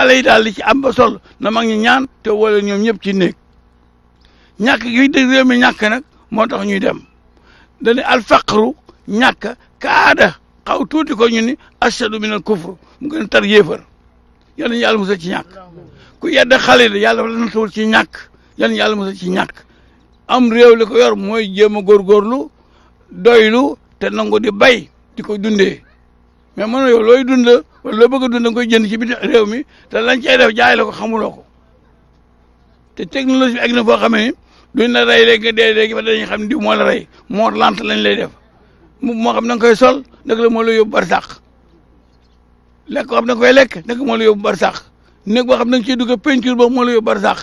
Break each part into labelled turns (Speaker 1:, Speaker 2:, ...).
Speaker 1: xale yi daal li ci am ba sol na mag ñi ñaan te wala ñoom ñëpp ci néeg ñàkk gi dëgg réew mi ñàkk nag moo tax ñuy dem dañu alfaqru ñàkk kaada xaw tuuti ko ñu ni ashadu min al kufru mu gën tar yéefar yal nañu yàlla ci ñàkk ku yedd xale yi yàlla la natawul ci ñàkk yal nañu yàlla musal ci ñàkk am réew li ko yor mooy jéem a góorgóorlu doylu te nangu di bay di ko dundee mais mën na yow looy dund wala loo bëgg a dund koy jënd ci biir réew mi te lañ cay def jaay la ko xamuloo te technologie bi egg na foo xamee ni duñ la rey léegi nga dee léegi ba dañuy xam diw moo la rey mort lente lañ lay def mu moo xam da nga koy sol nag la moo la yóbbu sàq lekk boo xam da nga koy lekk nag moo la yóbbu bar sàq néeg boo xam da nga ciy dugg peinture boobu mool la yóbbu bar sàq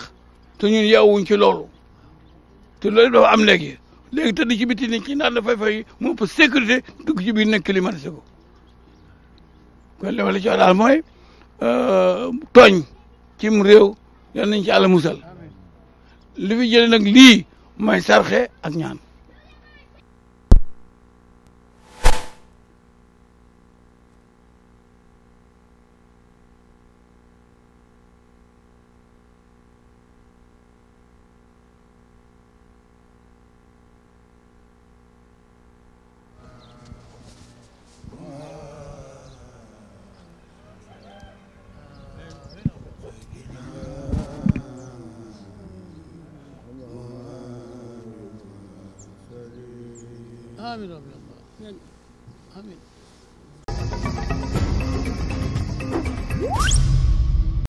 Speaker 1: te ñun yeewuñ ci loolu te loolu dafa am léegi ta tëdd ci i nit ci naan na fay fay mu ëpp sécurité dugg ci biir nekk climatisé ko kon li ma la ci mooy euh, tooñ cim réew yal nañ ci àlla musal li fi jëlee nag lii mooy sarxe ak ñaan
Speaker 2: آمين آمين